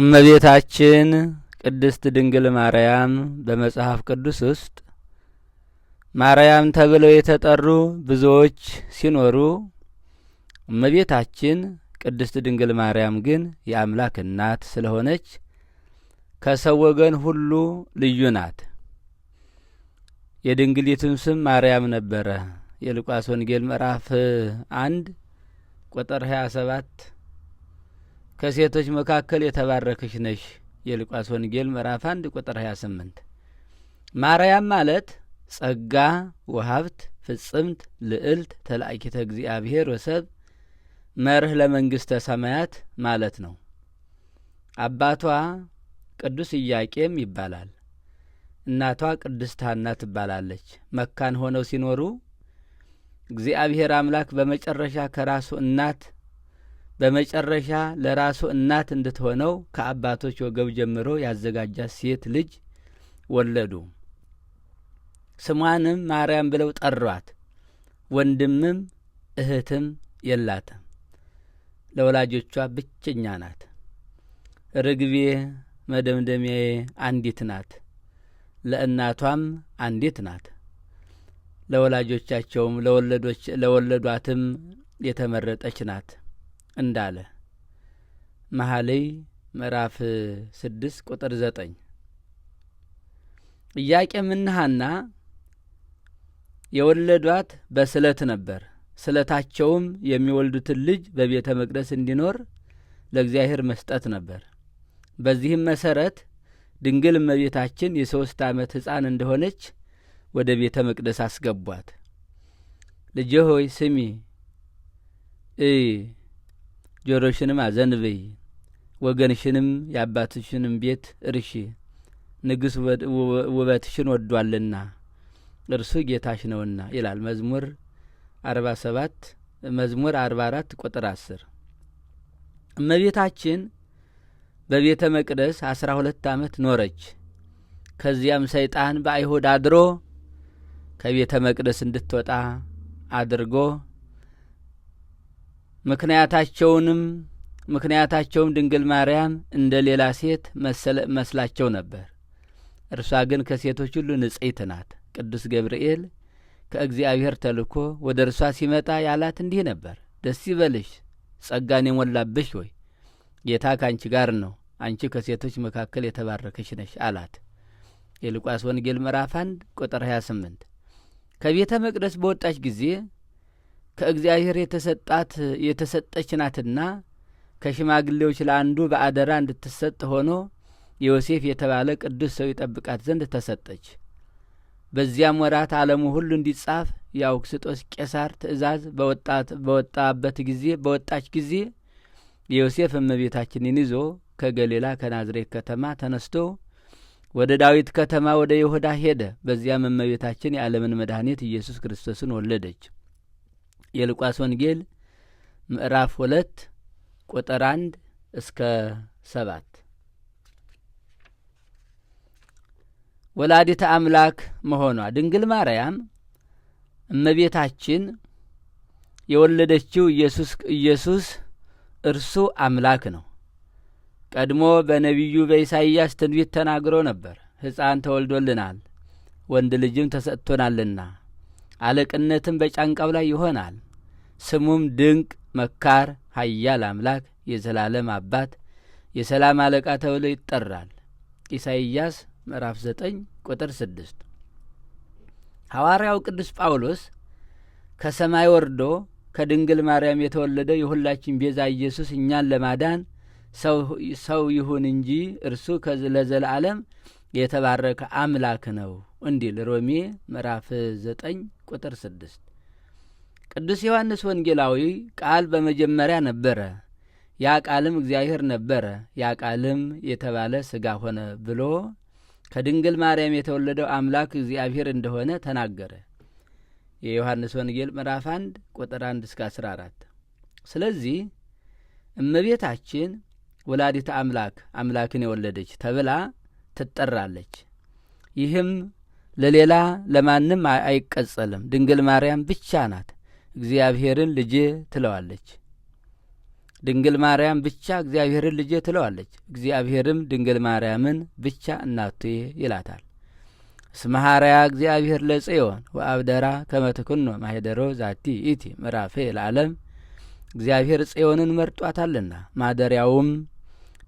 እመቤታችን ቅድስት ድንግል ማርያም በመጽሐፍ ቅዱስ ውስጥ ማርያም ተብለው የተጠሩ ብዙዎች ሲኖሩ እመቤታችን ቅድስት ድንግል ማርያም ግን የአምላክ እናት ስለሆነች ከሰው ወገን ሁሉ ልዩ ናት። የድንግሊቱም ስም ማርያም ነበረ። የሉቃስ ወንጌል ምዕራፍ አንድ ቁጥር ሰባት ከሴቶች መካከል የተባረክሽ ነሽ። የሉቃስ ወንጌል ምዕራፍ አንድ ቁጥር 28። ማርያም ማለት ጸጋ ወሀብት ፍጽምት ልዕልት ተላእኪተ እግዚአብሔር ወሰብ መርህ ለመንግሥተ ሰማያት ማለት ነው። አባቷ ቅዱስ ኢያቄም ይባላል። እናቷ ቅድስት ሐና ትባላለች። መካን ሆነው ሲኖሩ እግዚአብሔር አምላክ በመጨረሻ ከራሱ እናት በመጨረሻ ለራሱ እናት እንድትሆነው ከአባቶች ወገብ ጀምሮ ያዘጋጃት ሴት ልጅ ወለዱ። ስሟንም ማርያም ብለው ጠሯት። ወንድምም እህትም የላትም። ለወላጆቿ ብቸኛ ናት። ርግቤ መደምደሚያዬ አንዲት ናት፣ ለእናቷም አንዲት ናት። ለወላጆቻቸውም ለወለዶች ለወለዷትም የተመረጠች ናት። እንዳለ መኃልይ ምዕራፍ ስድስት ቁጥር ዘጠኝ ኢያቄምና ሐና የወለዷት በስለት ነበር። ስለታቸውም የሚወልዱትን ልጅ በቤተ መቅደስ እንዲኖር ለእግዚአብሔር መስጠት ነበር። በዚህም መሰረት ድንግል እመቤታችን የሶስት ዓመት ሕፃን እንደሆነች ወደ ቤተ መቅደስ አስገቧት። ልጄ ሆይ ስሚ እይ ጆሮሽንም አዘንብይ፣ ወገንሽንም የአባትሽንም ቤት እርሺ፣ ንግስ ውበትሽን ወዷልና እርሱ ጌታሽ ነውና ይላል መዝሙር አርባ ሰባት መዝሙር አርባ አራት ቁጥር አስር እመቤታችን በቤተ መቅደስ አስራ ሁለት ዓመት ኖረች። ከዚያም ሰይጣን በአይሁድ አድሮ ከቤተ መቅደስ እንድትወጣ አድርጎ ምክንያታቸውንም ምክንያታቸውም ድንግል ማርያም እንደ ሌላ ሴት መስላቸው ነበር። እርሷ ግን ከሴቶች ሁሉ ንጽሕት ናት። ቅዱስ ገብርኤል ከእግዚአብሔር ተልኮ ወደ እርሷ ሲመጣ ያላት እንዲህ ነበር። ደስ ይበልሽ ጸጋን የሞላብሽ ሆይ ጌታ ከአንቺ ጋር ነው፣ አንቺ ከሴቶች መካከል የተባረከች ነሽ አላት። የሉቃስ ወንጌል ምዕራፍ 1 ቁጥር 28 ከቤተ መቅደስ በወጣች ጊዜ ከእግዚአብሔር የተሰጣት የተሰጠች ናትና ከሽማግሌዎች ለአንዱ በአደራ እንድትሰጥ ሆኖ ዮሴፍ የተባለ ቅዱስ ሰው ይጠብቃት ዘንድ ተሰጠች። በዚያም ወራት ዓለሙ ሁሉ እንዲጻፍ የአውክስጦስ ቄሳር ትእዛዝ በወጣበት ጊዜ በወጣች ጊዜ ዮሴፍ እመቤታችንን ይዞ ከገሊላ ከናዝሬት ከተማ ተነስቶ ወደ ዳዊት ከተማ ወደ ይሁዳ ሄደ። በዚያም እመቤታችን የዓለምን መድኃኒት ኢየሱስ ክርስቶስን ወለደች። የሉቃስ ወንጌል ምዕራፍ ሁለት ቁጥር አንድ እስከ ሰባት ወላዲተ አምላክ መሆኗ ድንግል ማርያም እመቤታችን የወለደችው ኢየሱስ እርሱ አምላክ ነው። ቀድሞ በነቢዩ በኢሳይያስ ትንቢት ተናግሮ ነበር። ሕፃን ተወልዶልናል፣ ወንድ ልጅም ተሰጥቶናልና አለቅነትም በጫንቃው ላይ ይሆናል። ስሙም ድንቅ መካር፣ ኃያል አምላክ፣ የዘላለም አባት፣ የሰላም አለቃ ተብሎ ይጠራል። ኢሳይያስ ምዕራፍ 9 ቁጥር 6። ሐዋርያው ቅዱስ ጳውሎስ ከሰማይ ወርዶ ከድንግል ማርያም የተወለደ የሁላችን ቤዛ ኢየሱስ እኛን ለማዳን ሰው ይሁን እንጂ እርሱ ለዘላለም የተባረከ አምላክ ነው እንዲል ሮሜ ምዕራፍ ዘጠኝ ቁጥር ስድስት ቅዱስ ዮሐንስ ወንጌላዊ ቃል በመጀመሪያ ነበረ፣ ያ ቃልም እግዚአብሔር ነበረ፣ ያ ቃልም የተባለ ሥጋ ሆነ ብሎ ከድንግል ማርያም የተወለደው አምላክ እግዚአብሔር እንደሆነ ተናገረ። የዮሐንስ ወንጌል ምዕራፍ 1 ቁጥር 1 እስከ 14። ስለዚህ እመቤታችን ወላዲት አምላክ አምላክን የወለደች ተብላ ትጠራለች። ይህም ለሌላ ለማንም አይቀጸልም። ድንግል ማርያም ብቻ ናት እግዚአብሔርን ልጄ ትለዋለች። ድንግል ማርያም ብቻ እግዚአብሔርን ልጄ ትለዋለች። እግዚአብሔርም ድንግል ማርያምን ብቻ እናቱ ይላታል። ስመሃርያ እግዚአብሔር ለጽዮን ወአብደራ ከመትኩኖ ማሄደሮ ዛቲ ኢቲ ምዕራፌ ለዓለም እግዚአብሔር ጽዮንን መርጧታልና ማደሪያውም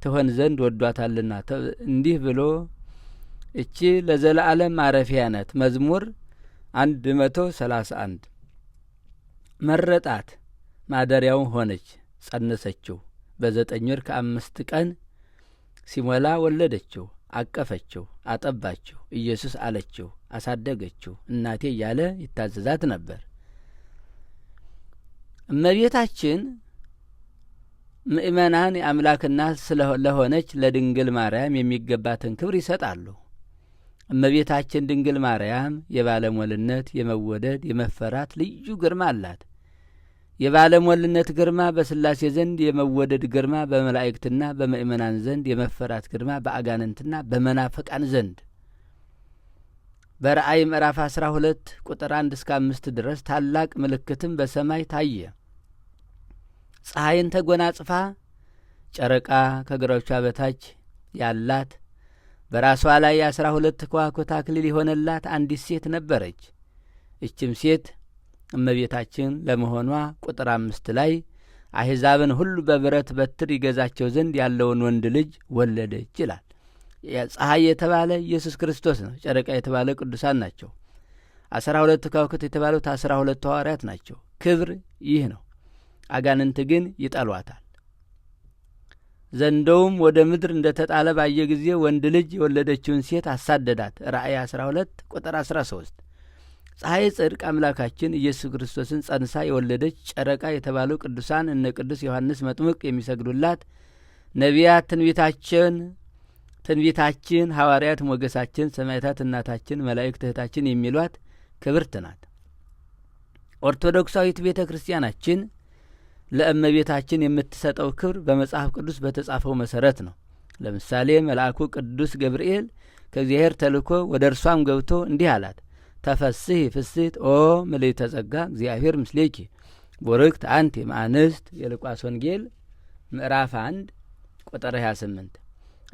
ትሆን ዘንድ ወዷታልና እንዲህ ብሎ እቺ ለዘላለም ማረፊያ ናት። መዝሙር አንድ መቶ ሰላሳ አንድ መረጣት ማደሪያውን ሆነች ጸነሰችው። በዘጠኝ ወር ከአምስት ቀን ሲሞላ ወለደችው፣ አቀፈችው፣ አጠባችው። ኢየሱስ አለችው፣ አሳደገችው፣ እናቴ እያለ ይታዘዛት ነበር እመቤታችን ምእመናን የአምላክና ስለሆነች ለድንግል ማርያም የሚገባትን ክብር ይሰጣሉ። እመቤታችን ድንግል ማርያም የባለሟልነት የመወደድ የመፈራት ልዩ ግርማ አላት። የባለሟልነት ግርማ በስላሴ ዘንድ፣ የመወደድ ግርማ በመላእክትና በምእመናን ዘንድ፣ የመፈራት ግርማ በአጋንንትና በመናፍቃን ዘንድ በራእይ ምዕራፍ ሁለት ቁጥር አንድ እስከ አምስት ድረስ ታላቅ ምልክትም በሰማይ ታየ። ፀሐይን ተጎናጽፋ ጨረቃ ከእግሮቿ በታች ያላት በራሷ ላይ የአስራ ሁለት ከዋክብት አክሊል የሆነላት አንዲት ሴት ነበረች። እችም ሴት እመቤታችን ለመሆኗ ቁጥር አምስት ላይ አሕዛብን ሁሉ በብረት በትር ይገዛቸው ዘንድ ያለውን ወንድ ልጅ ወለደች ይላል። ፀሐይ የተባለ ኢየሱስ ክርስቶስ ነው። ጨረቃ የተባለ ቅዱሳን ናቸው። አስራ ሁለት ከዋክብት የተባሉት አስራ ሁለቱ ሐዋርያት ናቸው። ክብር ይህ ነው። አጋንንት ግን ይጠሏታል። ዘንዶውም ወደ ምድር እንደ ተጣለ ባየ ጊዜ ወንድ ልጅ የወለደችውን ሴት አሳደዳት። ራእይ 12 ቁጥር 13 ፀሐይ ጽድቅ አምላካችን ኢየሱስ ክርስቶስን ጸንሳ የወለደች ጨረቃ የተባለው ቅዱሳን እነ ቅዱስ ዮሐንስ መጥምቅ የሚሰግዱላት፣ ነቢያት ትንቢታችን ትንቢታችን፣ ሐዋርያት ሞገሳችን፣ ሰማዕታት እናታችን፣ መላእክት እህታችን የሚሏት ክብርት ናት። ኦርቶዶክሳዊት ቤተ ክርስቲያናችን ለእመቤታችን የምትሰጠው ክብር በመጽሐፍ ቅዱስ በተጻፈው መሰረት ነው። ለምሳሌ መልአኩ ቅዱስ ገብርኤል ከእግዚአብሔር ተልኮ ወደ እርሷም ገብቶ እንዲህ አላት፣ ተፈስህ ፍስት ኦ ምልዕተ ጸጋ እግዚአብሔር ምስሌኪ ቦርክት አንቲ ማእንስት የሉቃስ ወንጌል ምዕራፍ አንድ ቁጥር 28።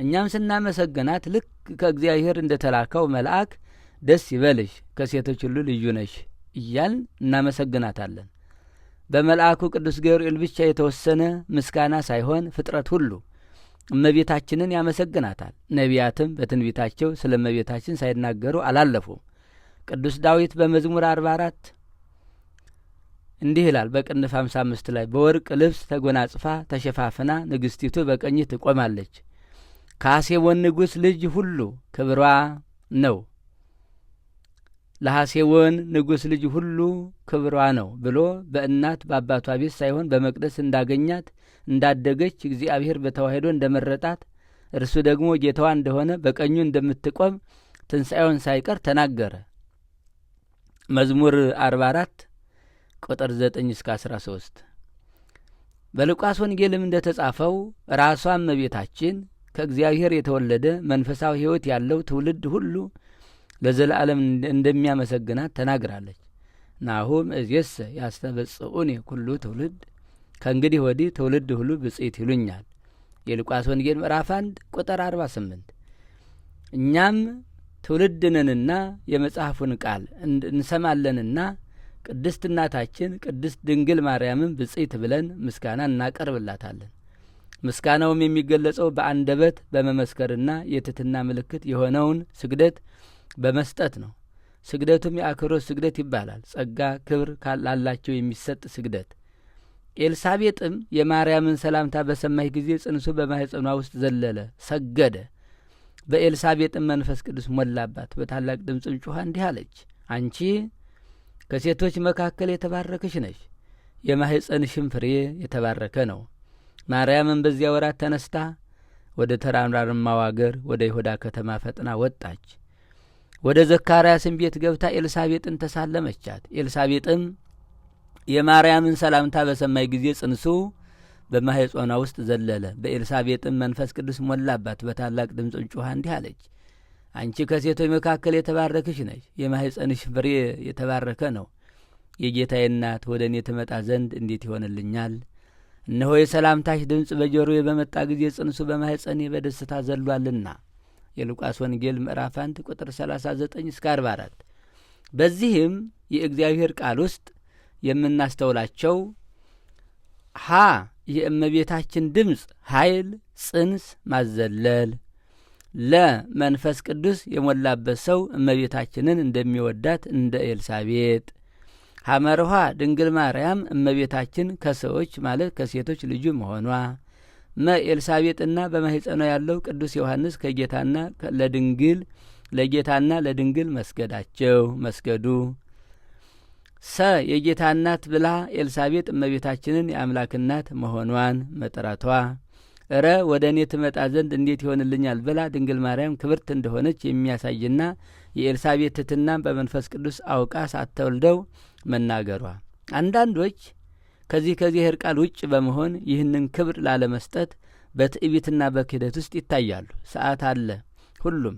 እኛም ስናመሰግናት ልክ ከእግዚአብሔር እንደ ተላከው መልአክ ደስ ይበልሽ ከሴቶች ሁሉ ልዩ ነሽ እያልን እናመሰግናታለን። በመልአኩ ቅዱስ ገብርኤል ብቻ የተወሰነ ምስጋና ሳይሆን ፍጥረት ሁሉ እመቤታችንን ያመሰግናታል። ነቢያትም በትንቢታቸው ስለ እመቤታችን ሳይናገሩ አላለፉም። ቅዱስ ዳዊት በመዝሙር 44 እንዲህ ይላል። በቅንፍ 55 ላይ በወርቅ ልብስ ተጎናጽፋ ተሸፋፍና ንግሥቲቱ በቀኝ ትቆማለች፣ ከሐሴቦን ንጉሥ ልጅ ሁሉ ክብሯ ነው። ለሐሴወን ንጉሥ ልጅ ሁሉ ክብሯ ነው ብሎ በእናት በአባቷ ቤት ሳይሆን በመቅደስ እንዳገኛት እንዳደገች እግዚአብሔር በተዋሕዶ እንደመረጣት እርሱ ደግሞ ጌታዋ እንደሆነ በቀኙ እንደምትቆም ትንሣኤውን ሳይቀር ተናገረ። መዝሙር 44 ቁጥር 9 እስከ 13። በሉቃስ ወንጌልም እንደ ተጻፈው ራሷም እመቤታችን ከእግዚአብሔር የተወለደ መንፈሳዊ ሕይወት ያለው ትውልድ ሁሉ ለዘላለም እንደሚያመሰግናት ተናግራለች። ናሁም እዝየሰ ያስተበጽኡኒ ኩሉ ትውልድ ከእንግዲህ ወዲህ ትውልድ ሁሉ ብጽት ይሉኛል። የሉቃስ ወንጌል ምዕራፍ አንድ ቁጥር አርባ ስምንት እኛም ትውልድንንና የመጽሐፉን ቃል እንሰማለንና ቅድስት እናታችን ቅድስት ድንግል ማርያምን ብጽት ብለን ምስጋና እናቀርብላታለን። ምስጋናውም የሚገለጸው በአንደበት በመመስከርና የትትና ምልክት የሆነውን ስግደት በመስጠት ነው። ስግደቱም የአክብሮት ስግደት ይባላል። ጸጋ ክብር ላላቸው የሚሰጥ ስግደት። ኤልሳቤጥም የማርያምን ሰላምታ በሰማች ጊዜ ጽንሱ በማህፀኗ ውስጥ ዘለለ፣ ሰገደ። በኤልሳቤጥም መንፈስ ቅዱስ ሞላባት። በታላቅ ድምፅም ጩኻ እንዲህ አለች፣ አንቺ ከሴቶች መካከል የተባረክሽ ነሽ፣ የማኅፀንሽም ፍሬ የተባረከ ነው። ማርያምን በዚያ ወራት ተነስታ ወደ ተራራማው አገር ወደ ይሁዳ ከተማ ፈጥና ወጣች። ወደ ዘካርያስን ቤት ገብታ ኤልሳቤጥን ተሳለመቻት። ኤልሳቤጥም የማርያምን ሰላምታ በሰማይ ጊዜ ጽንሱ በማኅፀኗ ውስጥ ዘለለ። በኤልሳቤጥም መንፈስ ቅዱስ ሞላባት። በታላቅ ድምፅ ጩኻ እንዲህ አለች፣ አንቺ ከሴቶች መካከል የተባረክሽ ነች። የማህፀንሽ ፍሬ የተባረከ ነው። የጌታዬ እናት ወደ እኔ ትመጣ ዘንድ እንዴት ይሆንልኛል? እነሆ የሰላምታሽ ድምፅ በጆሮዬ በመጣ ጊዜ ጽንሱ በማህፀኔ በደስታ ዘሏልና የሉቃስ ወንጌል ምዕራፍ 1 ቁጥር 39 እስከ 44። በዚህም የእግዚአብሔር ቃል ውስጥ የምናስተውላቸው ሀ የእመቤታችን ድምፅ ኃይል፣ ጽንስ ማዘለል ለ መንፈስ ቅዱስ የሞላበት ሰው እመቤታችንን እንደሚወዳት እንደ ኤልሳቤጥ ሐመርኋ ድንግል ማርያም እመቤታችን ከሰዎች ማለት ከሴቶች ልጁ መሆኗ መ ኤልሳቤጥና በማህፀኗ ያለው ቅዱስ ዮሐንስ ከጌታና ለድንግል ለጌታና ለድንግል መስገዳቸው መስገዱ ሰ የጌታ እናት ብላ ኤልሳቤጥ እመቤታችንን የአምላክ እናት መሆኗን መጠራቷ እረ ወደ እኔ ትመጣ ዘንድ እንዴት ይሆንልኛል ብላ ድንግል ማርያም ክብርት እንደሆነች የሚያሳይና የኤልሳቤጥ ትሕትናን በመንፈስ ቅዱስ አውቃ ሳትወልደው መናገሯ አንዳንዶች ከዚህ ከእግዚአብሔር ቃል ውጭ በመሆን ይህንን ክብር ላለመስጠት በትዕቢትና በክህደት ውስጥ ይታያሉ። ሰዓት አለ። ሁሉም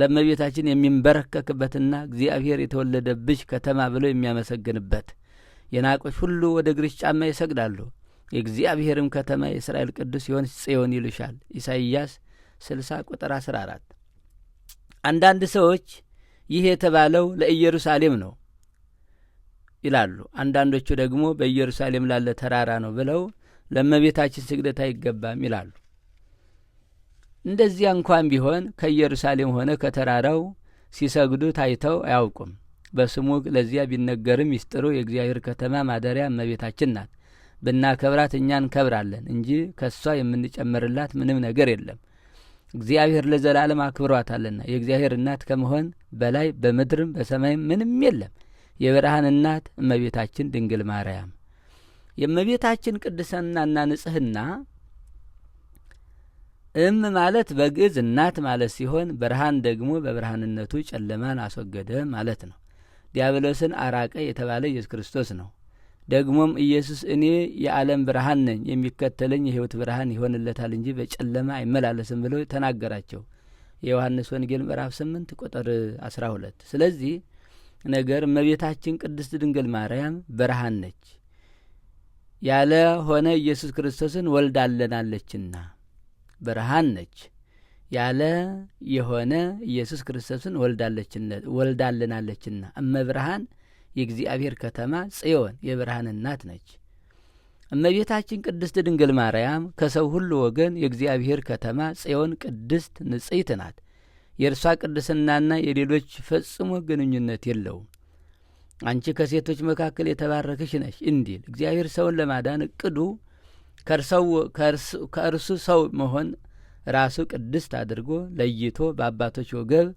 ለመቤታችን የሚንበረከክበትና እግዚአብሔር የተወለደብሽ ከተማ ብሎ የሚያመሰግንበት የናቆች ሁሉ ወደ እግርሽ ጫማ ይሰግዳሉ። የእግዚአብሔርም ከተማ የእስራኤል ቅዱስ ሲሆን ጽዮን ይሉሻል። ኢሳይያስ 60 ቁጥር 14። አንዳንድ ሰዎች ይህ የተባለው ለኢየሩሳሌም ነው ይላሉ። አንዳንዶቹ ደግሞ በኢየሩሳሌም ላለ ተራራ ነው ብለው ለእመቤታችን ስግደት አይገባም ይላሉ። እንደዚያ እንኳን ቢሆን ከኢየሩሳሌም ሆነ ከተራራው ሲሰግዱ ታይተው አያውቁም። በስሙ ለዚያ ቢነገርም ሚስጥሩ የእግዚአብሔር ከተማ ማደሪያ እመቤታችን ናት። ብናከብራት እኛ እንከብራለን እንጂ ከእሷ የምንጨምርላት ምንም ነገር የለም። እግዚአብሔር ለዘላለም አክብሯታልና የእግዚአብሔር እናት ከመሆን በላይ በምድርም በሰማይም ምንም የለም። የብርሃን እናት እመቤታችን ድንግል ማርያም የእመቤታችን ቅድስናና ንጽህና እም ማለት በግዕዝ እናት ማለት ሲሆን ብርሃን ደግሞ በብርሃንነቱ ጨለማን አስወገደ ማለት ነው። ዲያብሎስን አራቀ የተባለ ኢየሱስ ክርስቶስ ነው። ደግሞም ኢየሱስ እኔ የዓለም ብርሃን ነኝ፣ የሚከተለኝ የሕይወት ብርሃን ይሆንለታል እንጂ በጨለማ አይመላለስም ብሎ ተናገራቸው። የዮሐንስ ወንጌል ምዕራፍ 8 ቁጥር 12። ስለዚህ ነገር እመቤታችን ቅድስት ድንግል ማርያም ብርሃን ነች ያለ ሆነ ኢየሱስ ክርስቶስን ወልዳለናለችና ብርሃን ነች ያለ የሆነ ኢየሱስ ክርስቶስን ወልዳለናለችና እመብርሃን የእግዚአብሔር ከተማ ጽዮን የብርሃን እናት ነች። እመቤታችን ቅድስት ድንግል ማርያም ከሰው ሁሉ ወገን የእግዚአብሔር ከተማ ጽዮን ቅድስት ንጽሕት ናት። የእርሷ ቅድስናና የሌሎች ፈጽሞ ግንኙነት የለውም። አንቺ ከሴቶች መካከል የተባረክሽ ነሽ እንዲል እግዚአብሔር ሰውን ለማዳን እቅዱ ከእርሱ ሰው መሆን ራሱ ቅድስት አድርጎ ለይቶ በአባቶች ወገብ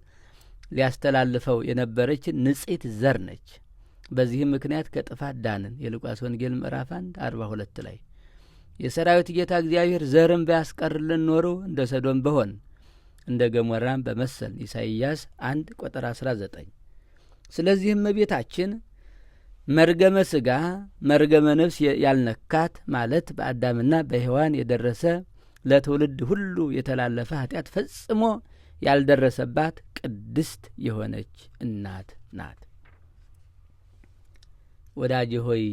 ሊያስተላልፈው የነበረች ንጽት ዘር ነች። በዚህም ምክንያት ከጥፋት ዳንን። የሉቃስ ወንጌል ምዕራፍ አርባ 42 ላይ የሰራዊት ጌታ እግዚአብሔር ዘርን ቢያስቀርልን ኖሮ እንደ ሰዶም በሆን እንደ ገሞራም በመሰል ኢሳይያስ አንድ ቁጥር 19። ስለዚህም እመቤታችን መርገመ ሥጋ መርገመ ነፍስ ያልነካት ማለት በአዳምና በሔዋን የደረሰ ለትውልድ ሁሉ የተላለፈ ኃጢአት ፈጽሞ ያልደረሰባት ቅድስት የሆነች እናት ናት። ወዳጅ ሆይ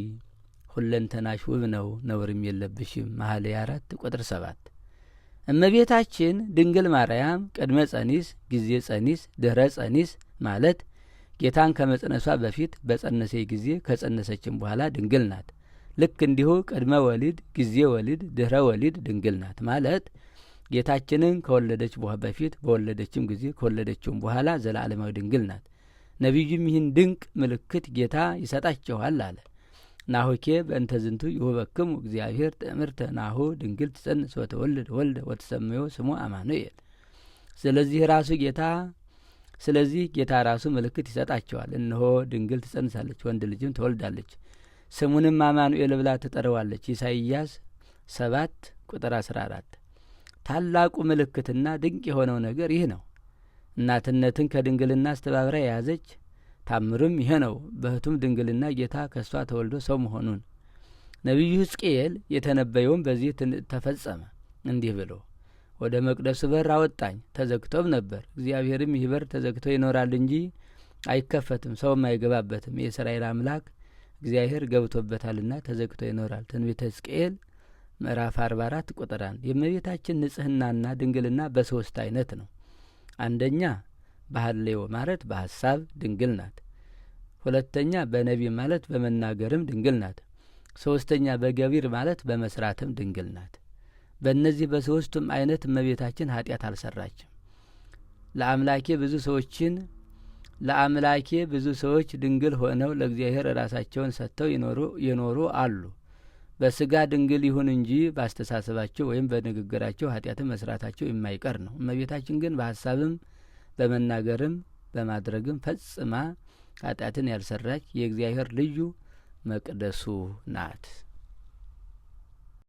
ሁለንተናሽ ውብ ነው፣ ነውርም የለብሽም። መኃልየ አራት ቁጥር ሰባት እመቤታችን ድንግል ማርያም ቅድመ ጸኒስ፣ ጊዜ ጸኒስ፣ ድኅረ ጸኒስ ማለት ጌታን ከመጽነሷ በፊት በጸነሰ ጊዜ ከጸነሰችን በኋላ ድንግል ናት። ልክ እንዲሁ ቅድመ ወሊድ፣ ጊዜ ወሊድ፣ ድኅረ ወሊድ ድንግል ናት ማለት ጌታችንን ከወለደች በፊት በወለደችም ጊዜ ከወለደችውም በኋላ ዘላለማዊ ድንግል ናት። ነቢዩም ይህን ድንቅ ምልክት ጌታ ይሰጣችኋል አለ። ናሁኬ በእንተ ዝንቱ ይሁበክሙ እግዚአብሔር ትእምርተ ናሁ ድንግል ትጸንስ ወተወልድ ወልደ ወተሰምዮ ስሙ አማኑኤል። ስለዚህ ራሱ ጌታ ስለዚህ ጌታ ራሱ ምልክት ይሰጣቸዋል። እነሆ ድንግል ትጸንሳለች፣ ወንድ ልጅም ትወልዳለች፣ ስሙንም አማኑኤል ብላ ትጠራዋለች። ኢሳይያስ ሰባት ቁጥር አስራ አራት ታላቁ ምልክትና ድንቅ የሆነው ነገር ይህ ነው። እናትነትን ከድንግልና አስተባብራ የያዘች ታምርም ይሄ ነው፣ በህቱም ድንግልና ጌታ ከእሷ ተወልዶ ሰው መሆኑን። ነቢዩ ሕዝቅኤል የተነበየውም በዚህ ተፈጸመ እንዲህ ብሎ ወደ መቅደሱ በር አወጣኝ፣ ተዘግቶም ነበር። እግዚአብሔርም ይህ በር ተዘግቶ ይኖራል እንጂ አይከፈትም፣ ሰውም አይገባበትም፣ የእስራኤል አምላክ እግዚአብሔር ገብቶበታልና ተዘግቶ ይኖራል። ትንቢተ ሕዝቅኤል ምዕራፍ 44 ቁጥር 1። የእመቤታችን ንጽህናና ድንግልና በሶስት አይነት ነው። አንደኛ በሀሌዎ ማለት በሀሳብ ድንግል ናት። ሁለተኛ በነቢ ማለት በመናገርም ድንግል ናት። ሶስተኛ በገቢር ማለት በመስራትም ድንግል ናት። በእነዚህ በሶስቱም አይነት እመቤታችን ኃጢአት አልሰራችም። ለአምላኬ ብዙ ሰዎችን ለአምላኬ ብዙ ሰዎች ድንግል ሆነው ለእግዚአብሔር ራሳቸውን ሰጥተው የኖሩ አሉ። በስጋ ድንግል ይሁን እንጂ በአስተሳሰባቸው ወይም በንግግራቸው ኃጢአትን መስራታቸው የማይቀር ነው። እመቤታችን ግን በሀሳብም በመናገርም በማድረግም ፈጽማ ኃጢአትን ያልሰራች የእግዚአብሔር ልዩ መቅደሱ ናት።